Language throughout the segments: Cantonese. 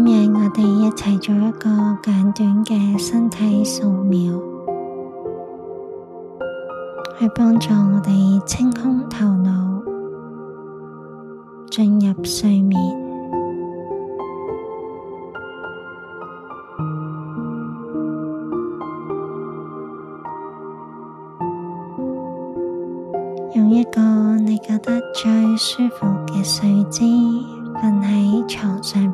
咁樣，今日我哋一齊做一個簡短嘅身體掃描，去幫助我哋清空頭腦，進入睡眠。用一個你覺得最舒服嘅睡姿，瞓喺床上。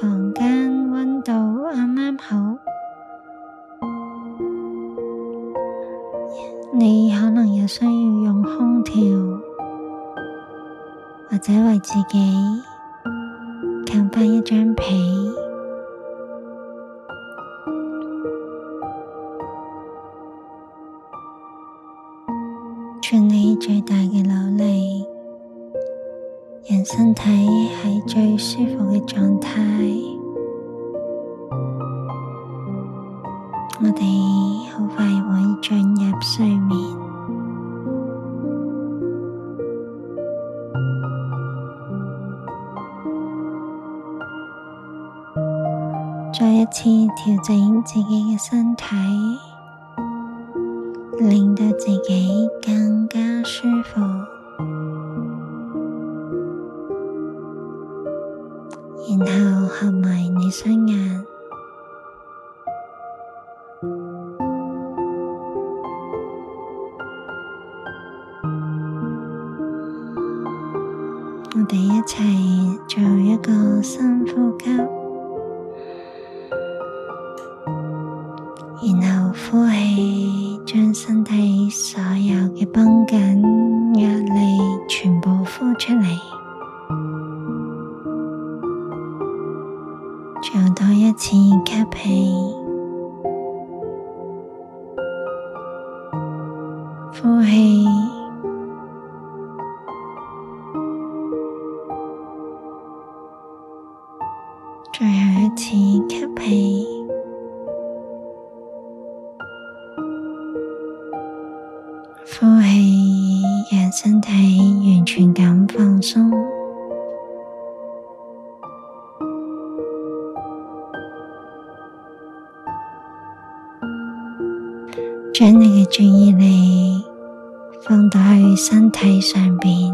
房間溫度啱啱好，你可能有需要用空調，或者為自己冚翻一張被，盡你最大嘅努力。人身體喺最舒服嘅狀態，我哋好快會進入睡眠。再一次調整自己嘅身體，令到自己更加舒服。然後合埋你雙眼，我哋一齊做一個深呼吸。多一次 pes，吸氣，呼氣；最後一次 pes，吸氣，呼氣，讓身體完全咁放鬆。將你嘅注意力放到去身體上面，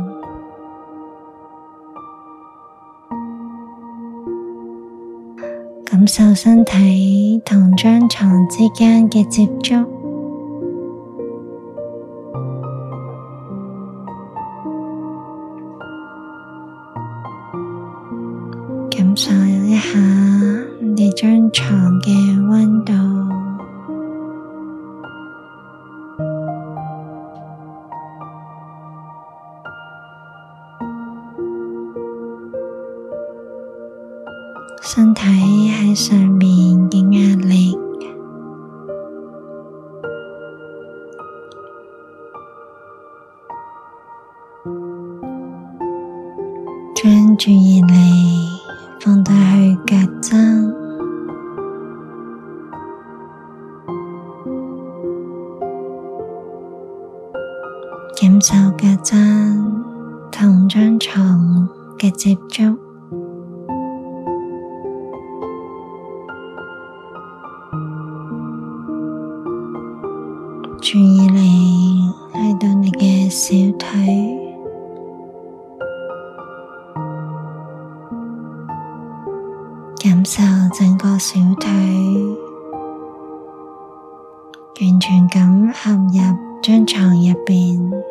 感受身體同張床之間嘅接觸，感受一下你張床嘅溫度。身體喺上面嘅壓力，將注意力放低去腳踭，感受腳踭同張床嘅接觸。注意力嚟到你嘅小腿，感受整個小腿完全咁陷入張床入邊。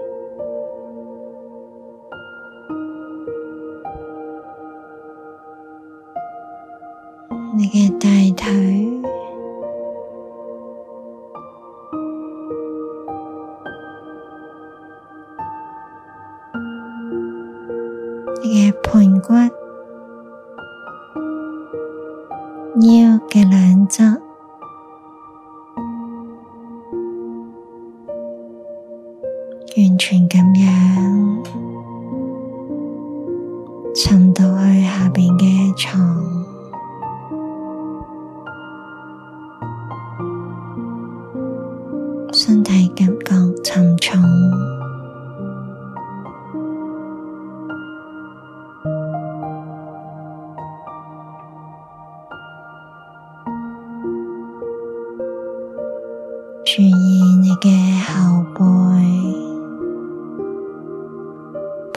嘅盆骨，腰嘅兩側，完全咁樣沉到去下邊嘅床。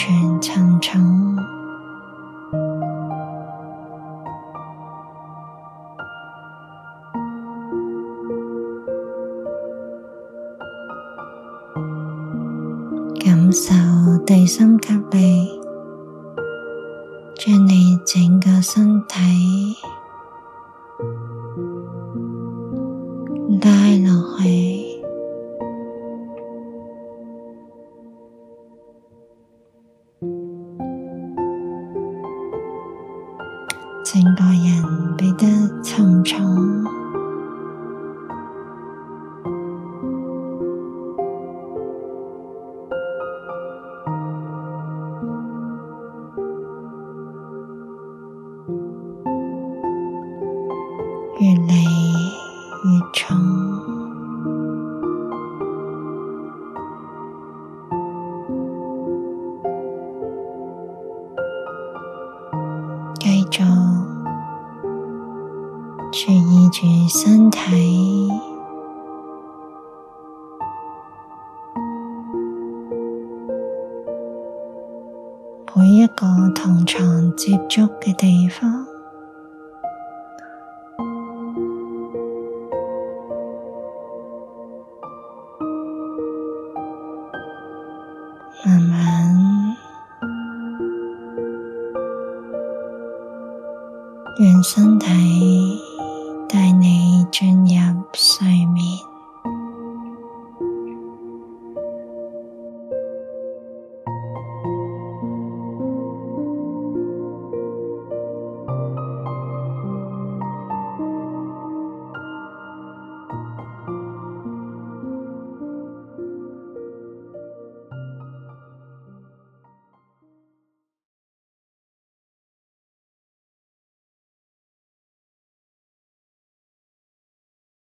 全程重感受地心吸力，將你整個身體。注意住身體，每一個同床接觸嘅地方，慢慢讓身體。帶你進入睡眠。